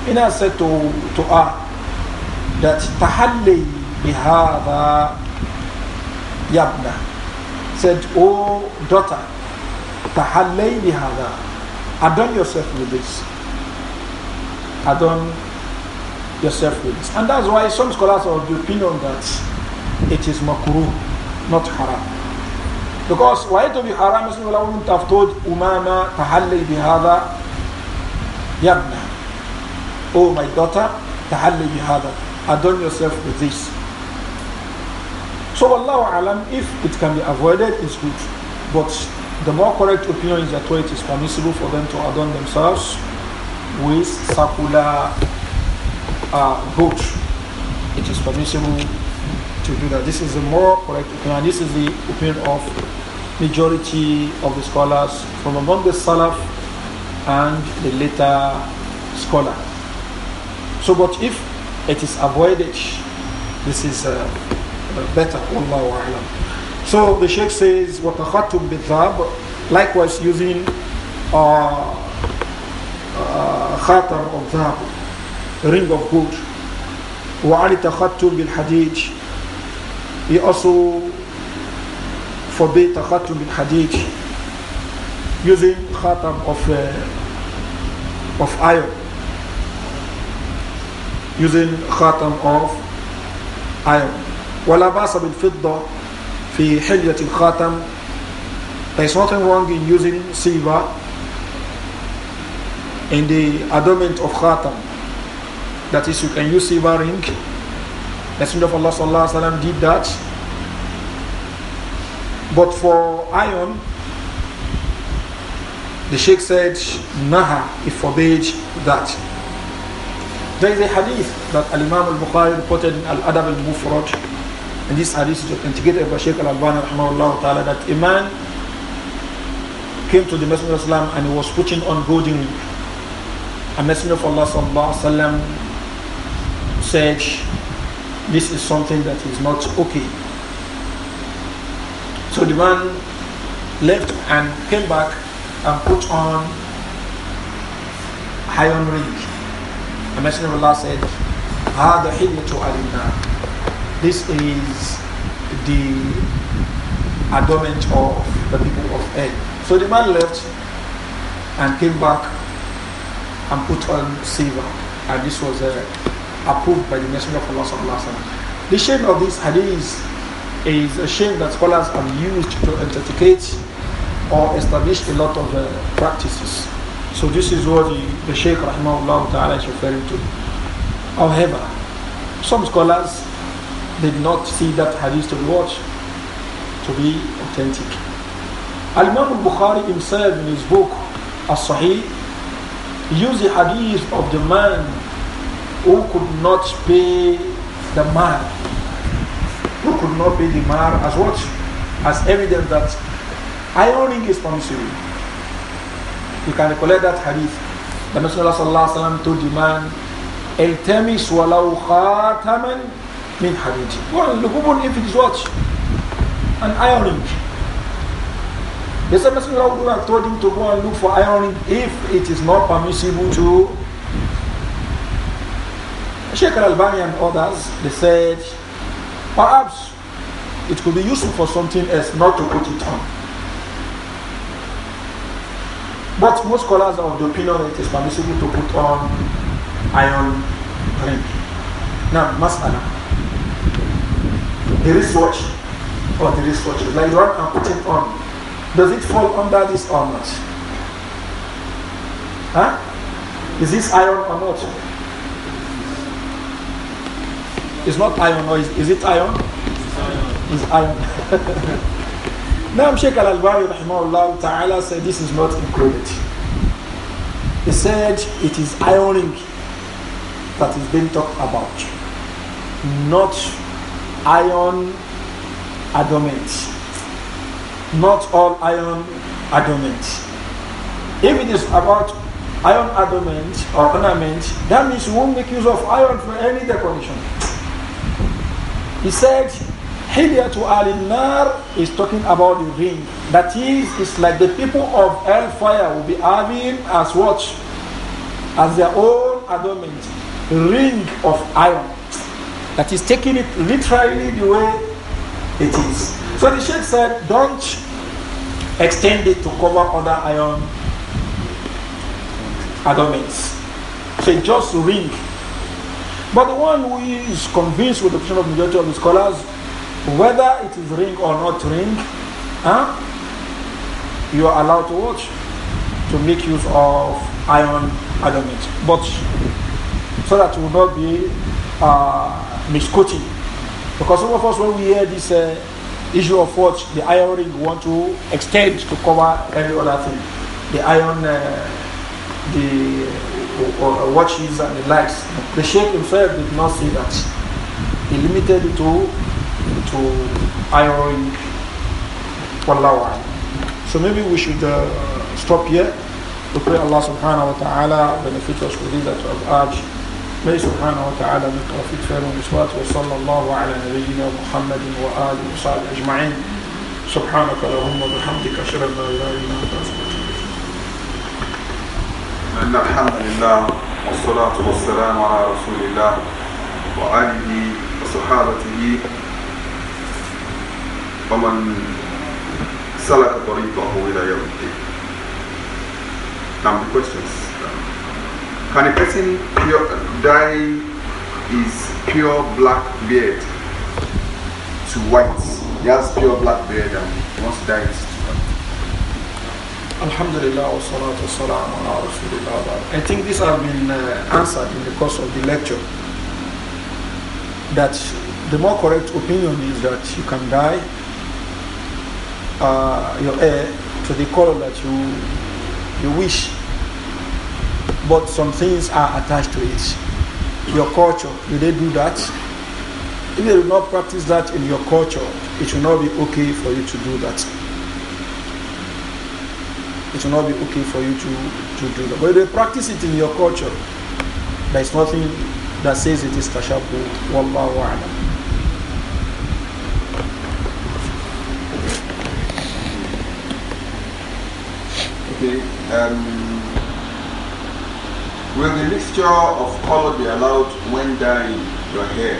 And I said to, to her that Tahalli bihada yabna. Said, Oh daughter, Tahalli bihada, adorn yourself with this adorn yourself with this. And that's why some scholars are of the opinion that it is makruh, not haram. Because why to be haram is لو wouldn't have told Umama تحلي بهذا يا Oh my daughter Tahalli bihada. Adorn yourself with this. So Allah alam, if it can be avoided, it's good. But the more correct opinion is that it is permissible for them to adorn themselves with circular uh, boat. It is permissible to do that. This is the more correct opinion. And this is the opinion of majority of the scholars from among the Salaf and the later scholar. So, but if it is avoided, this is uh, better. Wallahu a'lam. So the Sheikh says, "Watahatum bidhab," likewise using. Uh, خاتم أو ذهب رينج أوف جود وعلي تختم بالحديد he also forbid تختم بالحديد using خاتم of uh, of iron using خاتم of iron ولا باس بالفضة في حلية الخاتم there is nothing wrong in using silver in the adornment of khatam. That is, you can use silver ring. Messenger of Allah sallallahu alaihi wasallam did that. But for iron, the Sheikh said, Naha, he forbade that. There is a hadith that Al Imam al Bukhari reported in Al Adab al Mufrad, and this hadith is authenticated by Sheikh Al Albani ta'ala, that a man came to the Messenger of Islam and he was putting on golden ring a messenger of Allah sallallahu alaihi wasallam said, "This is something that is not okay." So the man left and came back and put on high on ring. The messenger of Allah said, "Hada to alina." This is the adornment of the people of earth. So the man left and came back and put on silver. And this was uh, approved by the Messenger of Allah. Sallallahu the shame of this hadith is a shame that scholars have used to authenticate or establish a lot of uh, practices. So this is what the, the Shaykh Rahimahullah Ta'ala is referring to. However, some scholars did not see that hadith to be what? To be authentic. Al-Imam al-Bukhari himself in his book As-Sahih use the hadith of the man who could not pay the man, who could not pay the man as what? As evidence that ironing is permissible. You can recollect that hadith. The Messenger ﷺ told the man, التمس ولو خاتما من حديد. Well, even if it is what? An ironing. They said Messenger of told him to go and look for iron if it is not permissible to. Sheikh Al-Albani and others, they said, perhaps it could be useful for something else not to put it on. But most scholars are of the opinion that it is permissible to put on iron ring. Now, masala. The wristwatch or the wristwatch like one and put it on does it fall under this or not? Huh? Is this iron or not? It's not iron, or is, is it iron? It's iron. Now Sheikh Al-Albani rahimahullah ta'ala said this is not included. He said it is ironing that is being talked about, not iron adornment not all iron adornment. If it is about iron adornment or ornament, that means you won't make use of iron for any decoration. He said, Hidyatu to alinar is talking about the ring. That is, it's like the people of hellfire will be having as what? As their own adornment. Ring of iron. That is taking it literally the way it is. So the Sheikh said, don't extend it to cover other iron adornments. Say just ring. But the one who is convinced with the opinion of majority of the scholars, whether it is ring or not ring, huh, you are allowed to watch to make use of iron adornments. But so that will not be uh, misquoting. Because some of us, when we hear this uh, issue of what the iron ring want to extend to cover every other thing. The iron, uh, the uh, uh watches and the lights. The sheikh himself did not see that. He limited it to to iron ring. Wallahu So maybe we should uh, stop here. to pray Allah subhanahu wa ta'ala benefit us with this that we have urged. الله سبحانه وتعالى بالتوفيق خير ومسوات وصلى الله على نبينا محمد وآل وصحبه أجمعين سبحانك اللهم وبحمدك أشهد أن لا إله إلا أنت أستغفرك الحمد لله والصلاة والسلام على رسول الله وآله وصحابته ومن سلك طريقه إلى يوم الدين. Now the questions. Can a person dye his pure black beard to white? He has pure black beard and wants to dye it Alhamdulillah, wa salatu I think these have been uh, answered in the course of the lecture. That the more correct opinion is that you can dye uh, your hair to the color that you, you wish but some things are attached to it. Your culture, do they do that? If they do not practice that in your culture, it should not be okay for you to do that. It should not be okay for you to, to do that. But if they practice it in your culture, there's nothing that says it is tashabu. Wallahu a'lam. Okay. Um Will the mixture of color be allowed when dyeing your hair?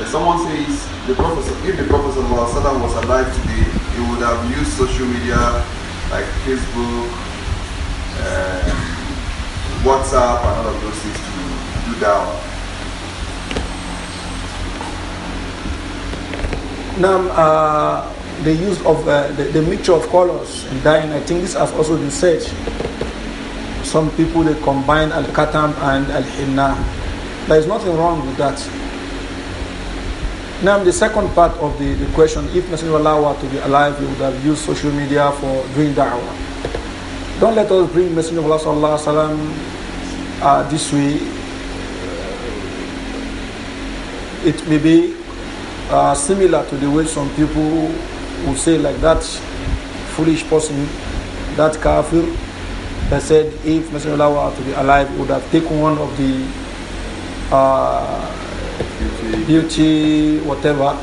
If someone says the Prophet, if the Prophet was alive today, he would have used social media like Facebook, uh, WhatsApp, and all of those things to do that. Now, uh, the use of uh, the, the mixture of colors and dyeing, I think this has also been said some people they combine al katam and al hinna there is nothing wrong with that now the second part of the, the question if Messenger of Allah were to be alive he would have used social media for doing da'wah don't let us bring Messenger of Allah sallallahu alaihi wasallam uh, this way it may be uh, similar to the way some people would say like that foolish person that kafir that said if Messenger were to be alive, would have taken one of the uh, beauty, whatever,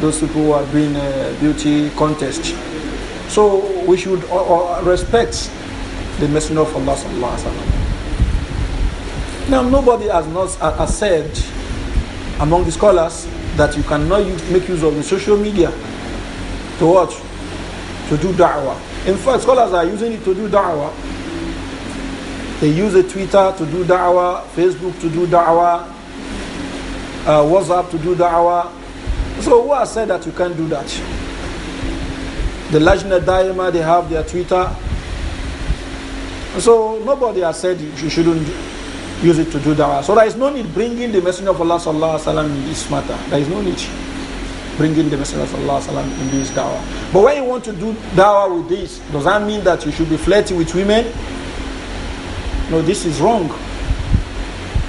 those people who are doing a beauty contest. So we should uh, uh respect the Messenger of Allah. Now, nobody has not uh, has said among the scholars that you cannot use, make use of the social media to watch, To do da'wah. In fact, scholars are using it to do da'wah. They use a Twitter to do da'wah, Facebook to do da'wah, uh, WhatsApp to do da'wah. So who has said that you can't do that? The Lajna Daima, they have their Twitter. So nobody has said you shouldn't use it to do da'wah. So there is no need bringing the Messenger of Allah sallallahu alaihi wasallam in this matter. There is no need bringing the Messenger of Allah sallam, in this da'wah. But when you want to do da'wah with this, does that mean that you should be flirting with women? No, this is wrong.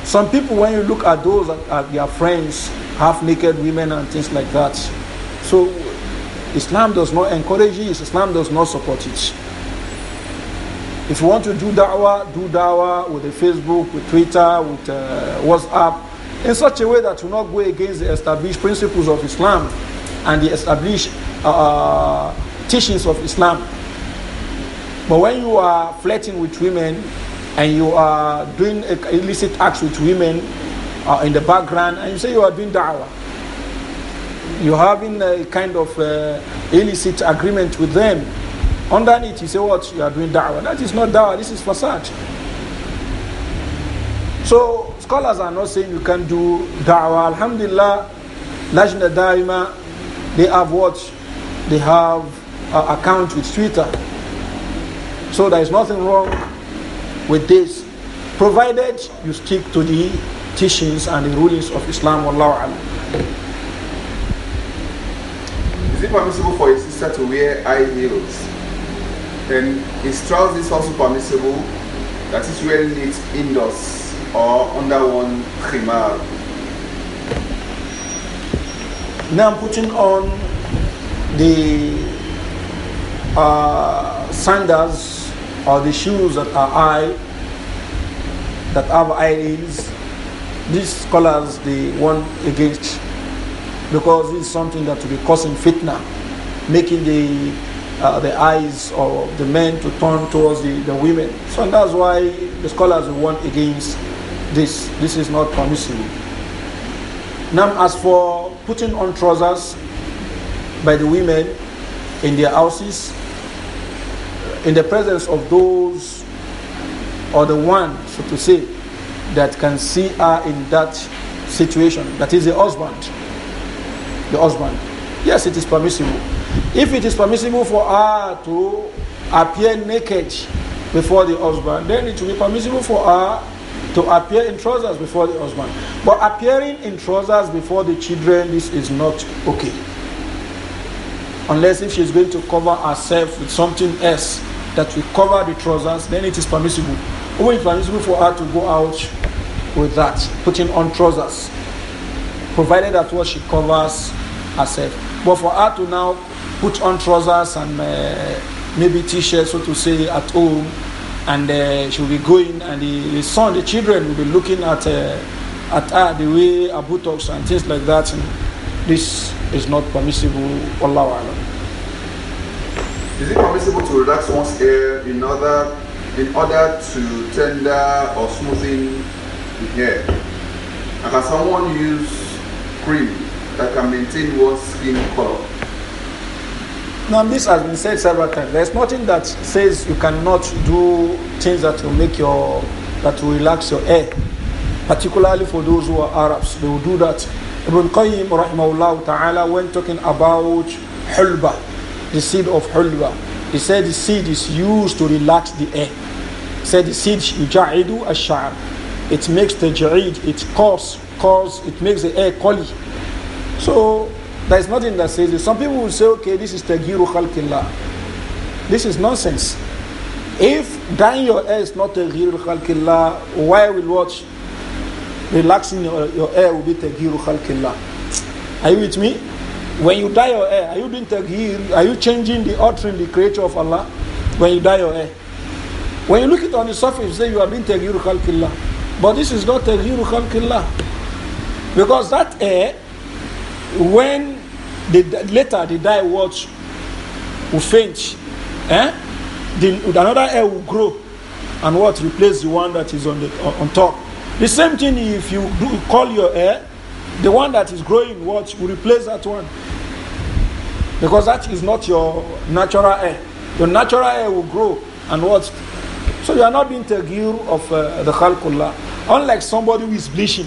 Some people, when you look at those, at their friends, half naked women and things like that. So Islam does not encourage it, Islam does not support it. If you want to do da'wah, do da'wah with the Facebook, with Twitter, with uh, WhatsApp, in such a way that will not go against the established principles of Islam and the established uh, uh teachings of Islam. But when you are flirting with women, and you are doing illicit acts with women uh, in the background and you say you are doing da'wah. You're having a kind of uh, illicit agreement with them. Underneath, you say, What? You are doing da'wah. That is not da'wah, this is facade. So, scholars are not saying you can do da'wah. Alhamdulillah, Lajna Daima, they have what? They have uh, account with Twitter. So, there is nothing wrong with this, provided you stick to the teachings and the rulings of Islam. Wallahu Is it permissible for a sister to wear high heels? Then is trousers also permissible that is wearing it indoors or under one khimar? Now I'm putting on the uh, sandals or the shoes that are high, that have eyelids, these scholars they want against because it's something that will be causing fitna, making the uh, the eyes of the men to turn towards the, the women. So that's why the scholars warn against this. This is not permissible. Now, as for putting on trousers by the women in their houses, in the presence of those or the one, so to say, that can see her in that situation, that is the husband. The husband. Yes, it is permissible. If it is permissible for her to appear naked before the husband, then it will be permissible for her to appear in trousers before the husband. But appearing in trousers before the children, this is not okay. Unless if she's going to cover herself with something else that we cover the trousers, then it is permissible. Only it's permissible for her to go out with that, putting on trousers, provided that what she covers herself. But for her to now put on trousers and uh, maybe t-shirt, so to say, at home, and uh, she'll be going, and the, the, son, the children will be looking at uh, at her the way her buttocks and things like that. And this is not permissible. Allahu is it permissible to relax one's hair in order in order to tender or smoothen the hair? And can someone use cream that can maintain one's skin color? Now this has been said several times. There's nothing that says you cannot do things that will make your that will relax your hair. Particularly for those who are Arabs, they will do that. Ibn Qayyim rahimahullah ta'ala when talking about hulba, the seed of hulwa. He said the seed is used to relax the air. He said the seed yuja'idu ash-sha'r. It makes the ja'id, it cause, cause, it makes the air collie. So there is nothing that says it. Some people will say, okay, this is tagiru khalqillah. This is nonsense. If dyeing your hair is not tagiru khalqillah, why will watch? Relaxing your, your hair will be tagiru khalqillah. Are you with me? When you dye your hair, are you doing taghir? Are you changing the altering the creator of Allah when you dye your hair? When you look it on the surface, you say you are doing taghir khalqillah. But this is not taghir khalqillah. Because that hair, when the later the dye watch will faint, eh? the, another hair will grow and what replace the one that is on the on, on top. The same thing if you do, call your hair the one that is growing, what will replace that one. Because that is not your natural air. Your natural air will grow and what? So you are not being tagir of uh, the khalqullah. Unlike somebody who is bleaching.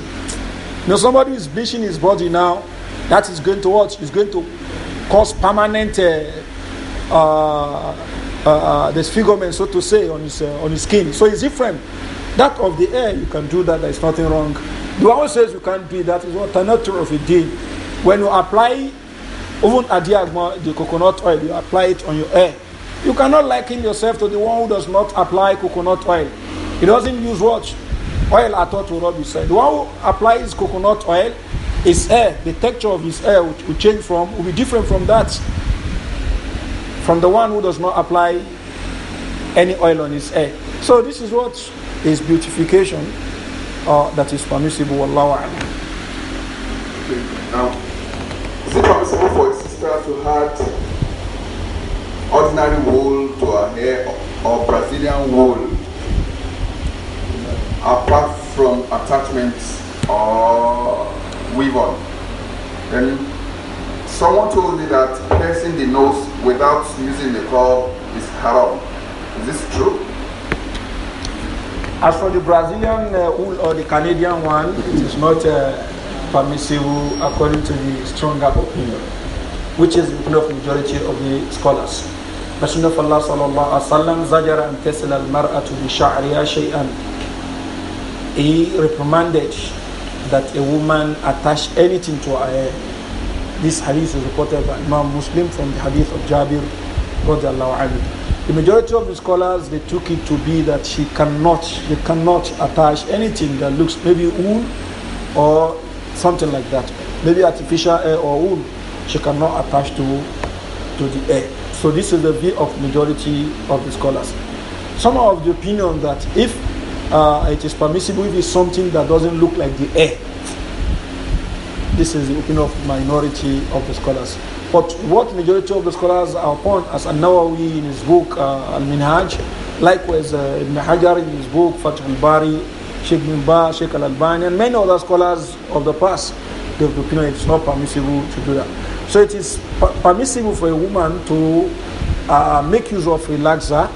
You know, somebody who is bleaching his body now, that is going to what? Is going to cause permanent uh, uh, uh, uh disfigurement, so to say, on his, uh, on his skin. So it's different that of the air, you can do that, there is nothing wrong. The one who says you can't do that is what another of a did When you apply even adiagma, the coconut oil, you apply it on your hair. You cannot liken yourself to the one who does not apply coconut oil. He doesn't use what? Oil at all to rub his hair. The one who applies coconut oil, his hair, the texture of his hair will, will change from, will be different from that, from the one who does not apply any oil on his hair. So this is what is beautification uh, that is permissible. Wallahu Okay. Now, is it permissible for a sister to add ordinary wool to her hair or Brazilian wool apart from attachments or weave on? Then Someone told me that piercing the nose without using the curl is haram. Is this true? As for the Brazilian uh, wool or the Canadian one, it is not uh, permissible according to the stronger opinion, which is the opinion of majority of the scholars. Messenger of Allah sallallahu alaihi wasallam zajara an al-mar'atu bi shariya shay'an. He reprimanded that a woman attach anything to her hair. This hadith is reported by Imam Muslim from the hadith of Jabir radiallahu anhu. The majority of the scholars they took it to be that she cannot, they cannot attach anything that looks maybe wool or something like that, maybe artificial hair or wool. She cannot attach to to the air. So this is the view of majority of the scholars. Some are of the opinion that if uh, it is permissible, if it's something that doesn't look like the air. this is the opinion of minority of the scholars. But what majority of the scholars are upon, as An-Nawawi in his book uh, Al-Minhaj, likewise uh, Ibn Hajar in his book Fath al-Bari, Sheikh bin ba, Sheikh Al-Albani, and many other scholars of the past, they've opinion it's not permissible to do that. So it is permissible for a woman to uh, make use of relaxer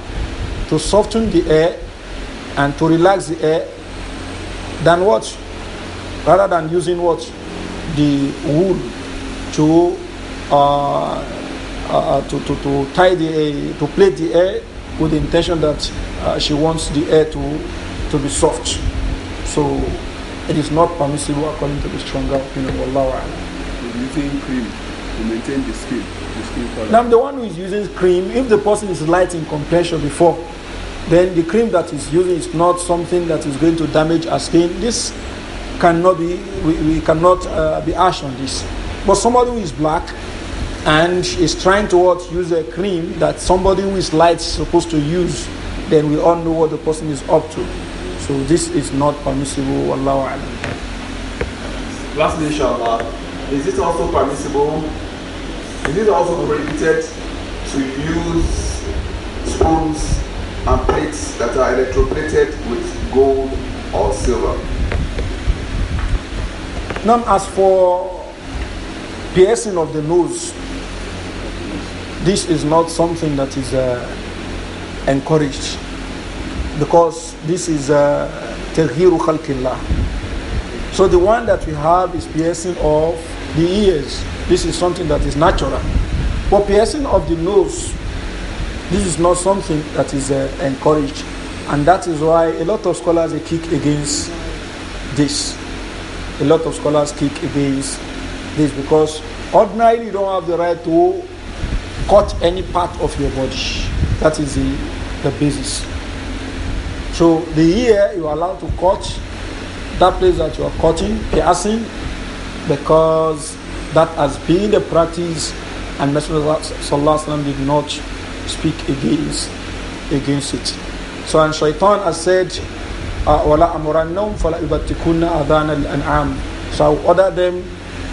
to soften the air and to relax the air than what? Rather than using what? The wool to uh, uh, uh, to, to, to tie the air, to plait the air, with the intention that uh, she wants the air to, to be soft. So it is not permissible according to the stronger opinion of Allah. Using cream to maintain the skin, Now, the one who is using cream, if the person is light in complexion before, then the cream that is using is not something that is going to damage our skin. This cannot be, we, we cannot uh, be ash on this. But somebody who is black, and is trying to what, use a cream that somebody who is light is supposed to use, then we all know what the person is up to. So this is not permissible. Wallahu alam. Lastly, inshallah, is it also permissible? Is it also prohibited to use spoons and plates that are electroplated with gold or silver? None as for piercing of the nose this is not something that is uh, encouraged because this is uh, Tahiru Khalqillah. so the one that we have is piercing of the ears this is something that is natural but piercing of the nose this is not something that is uh, encouraged and that is why a lot of scholars they kick against this a lot of scholars kick against this because ordinarily you don't have the right to cut any part of your body. That is the, the basis. So the ear you are allowed to cut that place that you are cutting, piercing, because that has been the practice and Messenger did not speak against against it. So and Shaitan has said, وَلَا أَمُرَنَّهُمْ فَلَا يُبَتِّكُنَّ أَذَانَ الْأَنْعَامِ So I order them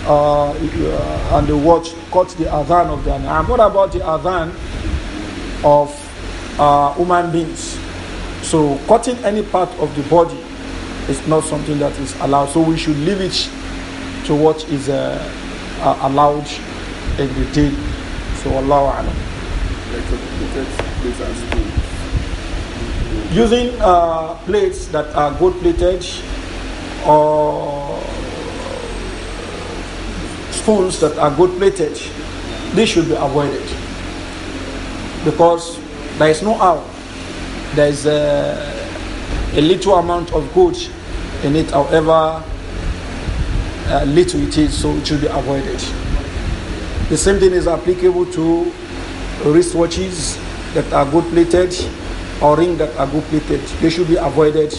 uh, and the watch, caught the adhan of the an'am. What about the adhan of uh, human beings? So cutting any part of the body is not something that is allowed. So we should leave it to what is uh, uh, allowed in the day. So Allah Alam. Using uh, plates that are gold plated or Spoons that are gold plated, they should be avoided because there is no how. There is a, a little amount of gold in it, however uh, little it is, so it should be avoided. The same thing is applicable to wristwatches that are gold plated or ring that are gold plated. They should be avoided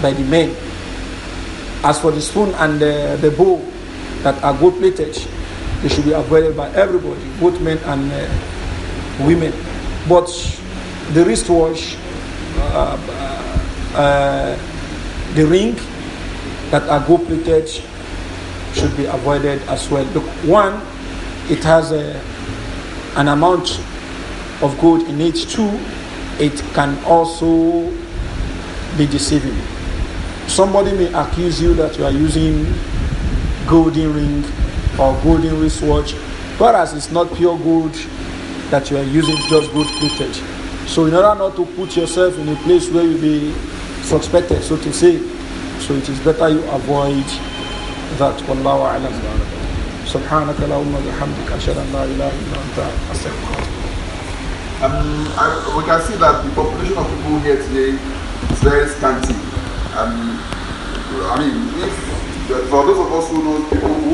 by the men. As for the spoon and the, the bowl, that are gold plated. They should be avoided by everybody, both men and uh, women. But the wristwatch, uh, uh, uh the ring that are gold plated should be avoided as well. Look, one, it has a, uh, an amount of gold in it. Two, it can also be deceiving. Somebody may accuse you that you are using golden ring or golden wristwatch, whereas it's not pure gold that you are using, just gold plated. So, in order not to put yourself in a place where you be suspected, so to say, so it is better you avoid that. Wallahu a'lam. سبحانك اللهم وبحمدك أشهد أن لا إله إلا أنت أستغفرك um, I, we can see that the population of people here today is very scanty. Um, I mean, if The, for those of us who know people